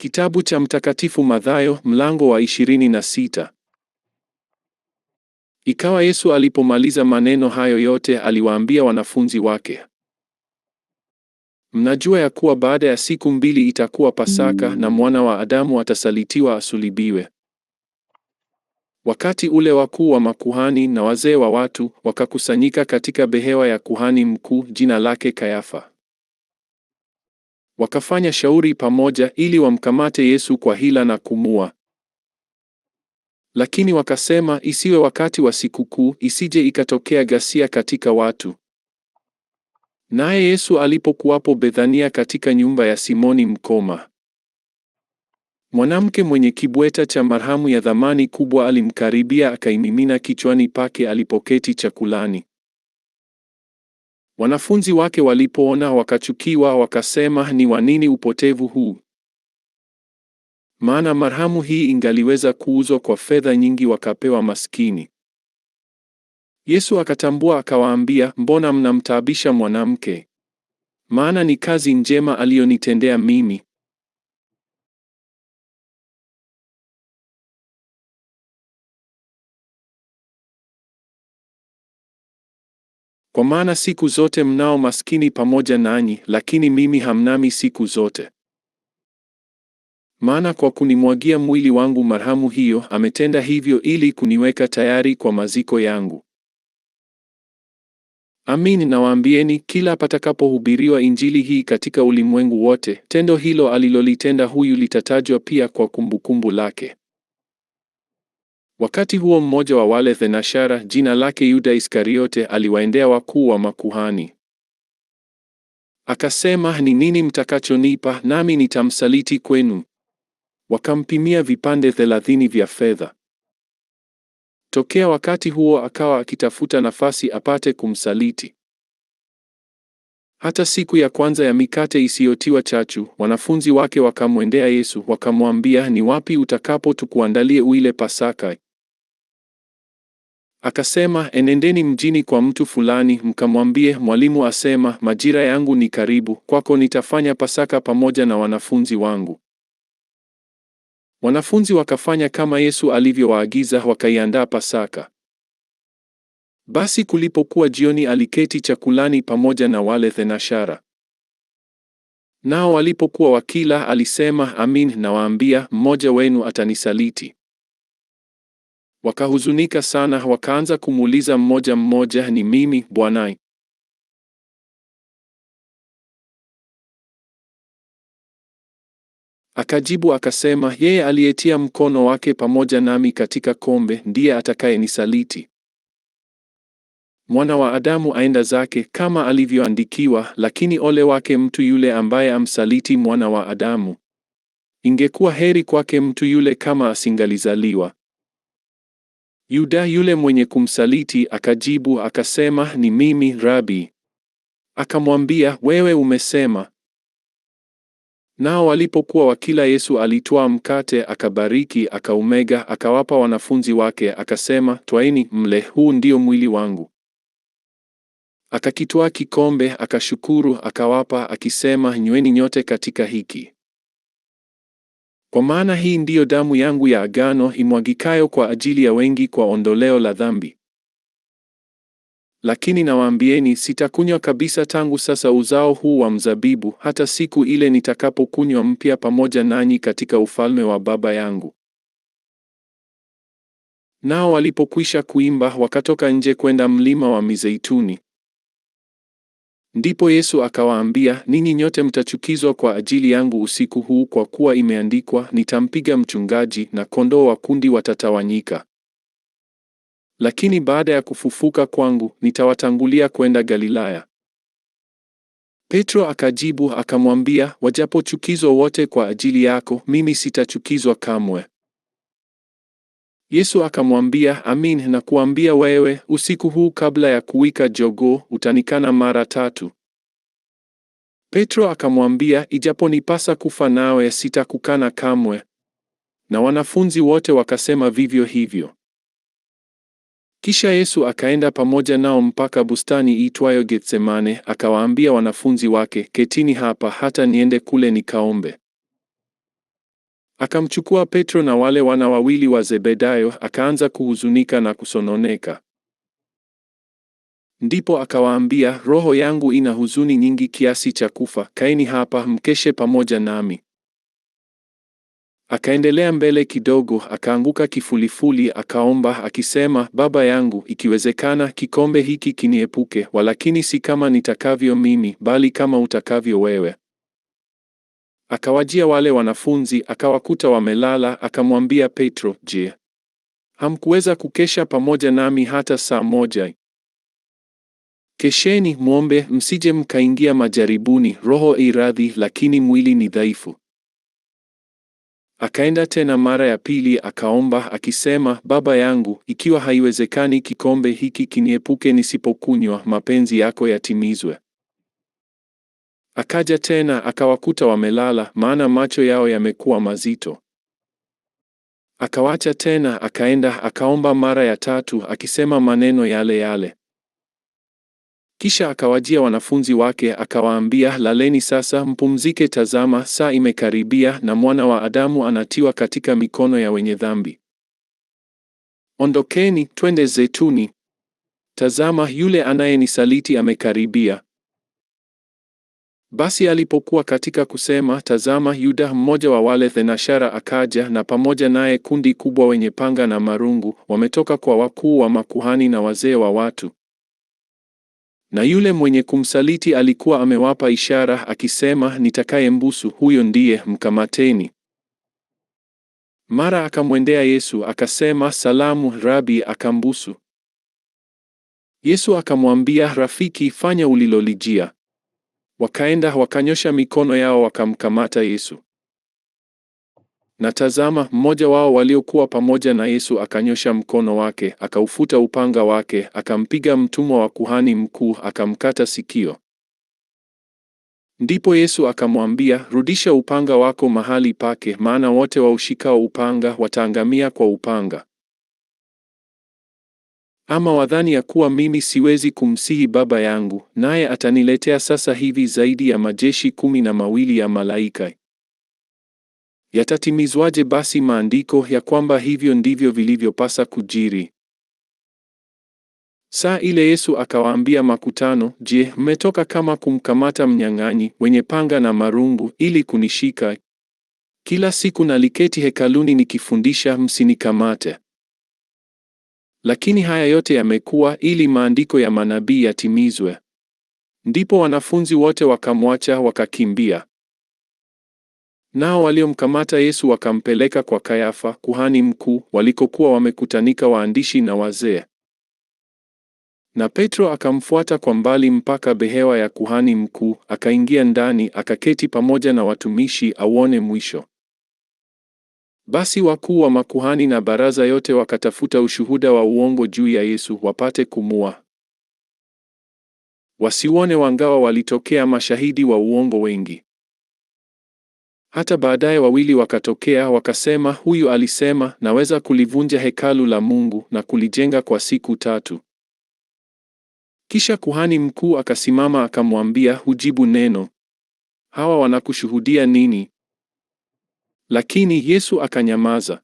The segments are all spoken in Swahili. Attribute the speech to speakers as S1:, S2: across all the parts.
S1: Kitabu cha Mtakatifu Mathayo mlango wa 26. Ikawa Yesu alipomaliza maneno hayo yote, aliwaambia wanafunzi wake, mnajua ya kuwa baada ya siku mbili itakuwa Pasaka, na mwana wa Adamu atasalitiwa asulibiwe. Wakati ule wakuu wa makuhani na wazee wa watu wakakusanyika katika behewa ya kuhani mkuu, jina lake Kayafa Wakafanya shauri pamoja ili wamkamate Yesu kwa hila na kumua. Lakini wakasema, isiwe wakati wa sikukuu, isije ikatokea ghasia katika watu. Naye Yesu alipokuwapo Bethania katika nyumba ya Simoni mkoma, mwanamke mwenye kibweta cha marhamu ya dhamani kubwa alimkaribia, akaimimina kichwani pake alipoketi chakulani. Wanafunzi wake walipoona wakachukiwa, wakasema, ni wa nini upotevu huu? Maana marhamu hii ingaliweza kuuzwa kwa fedha nyingi, wakapewa maskini. Yesu akatambua akawaambia, mbona mnamtaabisha mwanamke? Maana ni kazi njema aliyonitendea mimi, Kwa maana siku zote mnao maskini pamoja nanyi, lakini mimi hamnami siku zote. Maana kwa kunimwagia mwili wangu marhamu hiyo, ametenda hivyo ili kuniweka tayari kwa maziko yangu. Amin, nawaambieni, kila patakapohubiriwa Injili hii katika ulimwengu wote, tendo hilo alilolitenda huyu litatajwa pia kwa kumbukumbu lake. Wakati huo mmoja wa wale thenashara jina lake Yuda Iskariote aliwaendea wakuu wa makuhani akasema, ni nini mtakachonipa nami nitamsaliti kwenu? Wakampimia vipande thelathini vya fedha. Tokea wakati huo akawa akitafuta nafasi apate kumsaliti. Hata siku ya kwanza ya mikate isiyotiwa chachu, wanafunzi wake wakamwendea Yesu wakamwambia, ni wapi utakapo tukuandalie uile Pasaka? Akasema, enendeni mjini kwa mtu fulani, mkamwambie, mwalimu asema, majira yangu ni karibu, kwako nitafanya Pasaka pamoja na wanafunzi wangu. Wanafunzi wakafanya kama Yesu alivyowaagiza, wakaiandaa Pasaka. Basi kulipokuwa jioni, aliketi chakulani pamoja na wale thenashara. Nao walipokuwa wakila, alisema, amin nawaambia, mmoja wenu atanisaliti. Wakahuzunika sana, wakaanza kumuuliza mmoja mmoja, ni mimi bwana? Akajibu akasema, yeye aliyetia mkono wake pamoja nami katika kombe ndiye atakayenisaliti. Mwana wa Adamu aenda zake kama alivyoandikiwa, lakini ole wake mtu yule ambaye amsaliti mwana wa Adamu. Ingekuwa heri kwake mtu yule kama asingalizaliwa. Yuda yule mwenye kumsaliti akajibu akasema, ni mimi Rabi. Akamwambia, wewe umesema. Nao walipokuwa wakila, Yesu alitwaa mkate, akabariki, akaumega, akawapa wanafunzi wake, akasema, twaini mle, huu ndio mwili wangu. Akakitwaa kikombe, akashukuru, akawapa, akisema, nyweni nyote katika hiki kwa maana hii ndiyo damu yangu ya agano imwagikayo kwa ajili ya wengi kwa ondoleo la dhambi. Lakini nawaambieni, sitakunywa kabisa tangu sasa uzao huu wa mzabibu, hata siku ile nitakapokunywa mpya pamoja nanyi katika ufalme wa Baba yangu. Nao walipokwisha kuimba, wakatoka nje kwenda mlima wa Mizeituni. Ndipo Yesu akawaambia, ninyi nyote mtachukizwa kwa ajili yangu usiku huu, kwa kuwa imeandikwa, nitampiga mchungaji na kondoo wa kundi watatawanyika. Lakini baada ya kufufuka kwangu, nitawatangulia kwenda Galilaya. Petro akajibu akamwambia, wajapochukizwa wote kwa ajili yako, mimi sitachukizwa kamwe. Yesu akamwambia, amin na kuambia wewe, usiku huu kabla ya kuwika jogoo utanikana mara tatu. Petro akamwambia, ijaponipasa kufa nawe, sitakukana kamwe. Na wanafunzi wote wakasema vivyo hivyo. Kisha Yesu akaenda pamoja nao mpaka bustani iitwayo Getsemane, akawaambia wanafunzi wake, ketini hapa hata niende kule nikaombe. Akamchukua Petro na wale wana wawili wa Zebedayo, akaanza kuhuzunika na kusononeka. Ndipo akawaambia, roho yangu ina huzuni nyingi kiasi cha kufa, kaeni hapa mkeshe pamoja nami. Akaendelea mbele kidogo, akaanguka kifulifuli, akaomba akisema, Baba yangu, ikiwezekana kikombe hiki kiniepuke, walakini si kama nitakavyo mimi, bali kama utakavyo wewe. Akawajia wale wanafunzi akawakuta wamelala, akamwambia Petro, Je, hamkuweza kukesha pamoja nami hata saa moja? Kesheni, mwombe, msije mkaingia majaribuni. Roho iradhi, lakini mwili ni dhaifu. Akaenda tena mara ya pili akaomba akisema, Baba yangu, ikiwa haiwezekani kikombe hiki kiniepuke nisipokunywa, mapenzi yako yatimizwe. Akaja tena akawakuta wamelala, maana macho yao yamekuwa mazito. Akawacha tena akaenda akaomba mara ya tatu, akisema maneno yale yale. Kisha akawajia wanafunzi wake akawaambia, laleni sasa, mpumzike. Tazama, saa imekaribia, na mwana wa Adamu anatiwa katika mikono ya wenye dhambi. Ondokeni, twende zetuni. Tazama, yule anayenisaliti amekaribia. Basi alipokuwa katika kusema, tazama, Yuda mmoja wa wale thenashara akaja, na pamoja naye kundi kubwa wenye panga na marungu, wametoka kwa wakuu wa makuhani na wazee wa watu. Na yule mwenye kumsaliti alikuwa amewapa ishara akisema, nitakayembusu huyo ndiye, mkamateni. Mara akamwendea Yesu akasema, salamu Rabi, akambusu. Yesu akamwambia, rafiki, fanya ulilolijia. Wakaenda wakanyosha mikono yao wakamkamata Yesu. Na tazama, mmoja wao waliokuwa pamoja na Yesu akanyosha mkono wake, akaufuta upanga wake, akampiga mtumwa wa kuhani mkuu, akamkata sikio. Ndipo Yesu akamwambia, rudisha upanga wako mahali pake, maana wote waushikao upanga wataangamia kwa upanga. Ama wadhani ya kuwa mimi siwezi kumsihi Baba yangu, naye ataniletea sasa hivi zaidi ya majeshi kumi na mawili ya malaika? Yatatimizwaje basi maandiko ya kwamba hivyo ndivyo vilivyopasa kujiri? Saa ile Yesu akawaambia makutano, Je, mmetoka kama kumkamata mnyang'anyi wenye panga na marungu ili kunishika? Kila siku naliketi hekaluni nikifundisha, msinikamate. Lakini haya yote yamekuwa ili maandiko ya manabii yatimizwe. Ndipo wanafunzi wote wakamwacha wakakimbia. Nao waliomkamata Yesu wakampeleka kwa Kayafa, kuhani mkuu, walikokuwa wamekutanika waandishi na wazee. Na Petro akamfuata kwa mbali mpaka behewa ya kuhani mkuu, akaingia ndani, akaketi pamoja na watumishi auone mwisho. Basi wakuu wa makuhani na baraza yote wakatafuta ushuhuda wa uongo juu ya Yesu wapate kumua. Wasiuone wangawa walitokea mashahidi wa uongo wengi. Hata baadaye wawili wakatokea wakasema, huyu alisema, naweza kulivunja hekalu la Mungu na kulijenga kwa siku tatu. Kisha kuhani mkuu akasimama akamwambia, hujibu neno. Hawa wanakushuhudia nini? Lakini Yesu akanyamaza.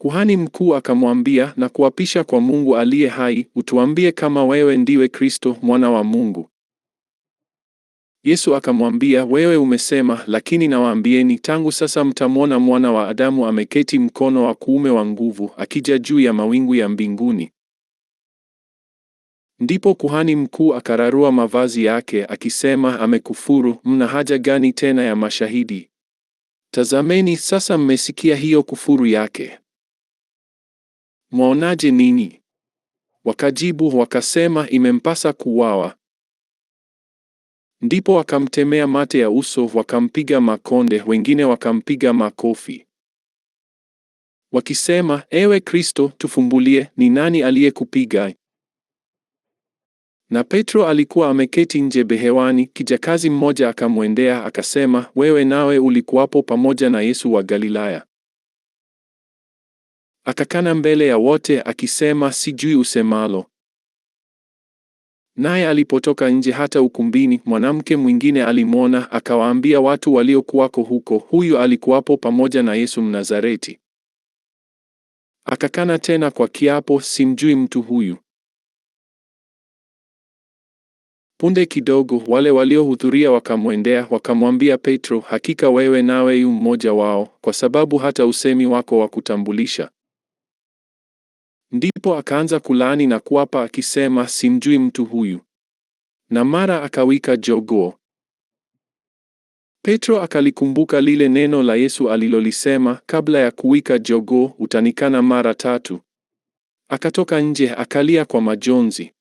S1: Kuhani mkuu akamwambia na kuapisha kwa Mungu aliye hai, utuambie kama wewe ndiwe Kristo mwana wa Mungu. Yesu akamwambia, wewe umesema, lakini nawaambieni, tangu sasa mtamwona mwana wa Adamu ameketi mkono wa kuume wa nguvu, akija juu ya mawingu ya mbinguni. Ndipo kuhani mkuu akararua mavazi yake akisema, amekufuru! Mna haja gani tena ya mashahidi? Tazameni sasa mmesikia hiyo kufuru yake. Mwaonaje ninyi? Wakajibu wakasema imempasa kuwawa. Ndipo wakamtemea mate ya uso, wakampiga makonde, wengine wakampiga makofi wakisema, ewe Kristo, tufumbulie, ni nani aliyekupiga? Na Petro alikuwa ameketi nje behewani, kijakazi mmoja akamwendea akasema, wewe nawe ulikuwapo pamoja na Yesu wa Galilaya. Akakana mbele ya wote akisema, sijui usemalo. Naye alipotoka nje hata ukumbini, mwanamke mwingine alimwona, akawaambia watu waliokuwako huko, huyu alikuwapo pamoja na Yesu Mnazareti. Akakana tena kwa kiapo, simjui mtu huyu. Punde kidogo wale waliohudhuria wakamwendea wakamwambia Petro, hakika wewe nawe yu mmoja wao, kwa sababu hata usemi wako wa kutambulisha. Ndipo akaanza kulaani na kuapa akisema, simjui mtu huyu, na mara akawika jogoo. Petro akalikumbuka lile neno la Yesu alilolisema, kabla ya kuwika jogoo utanikana mara tatu. Akatoka nje akalia kwa majonzi.